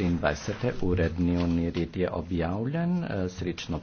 23. uredni red je objavljen, eh, srečno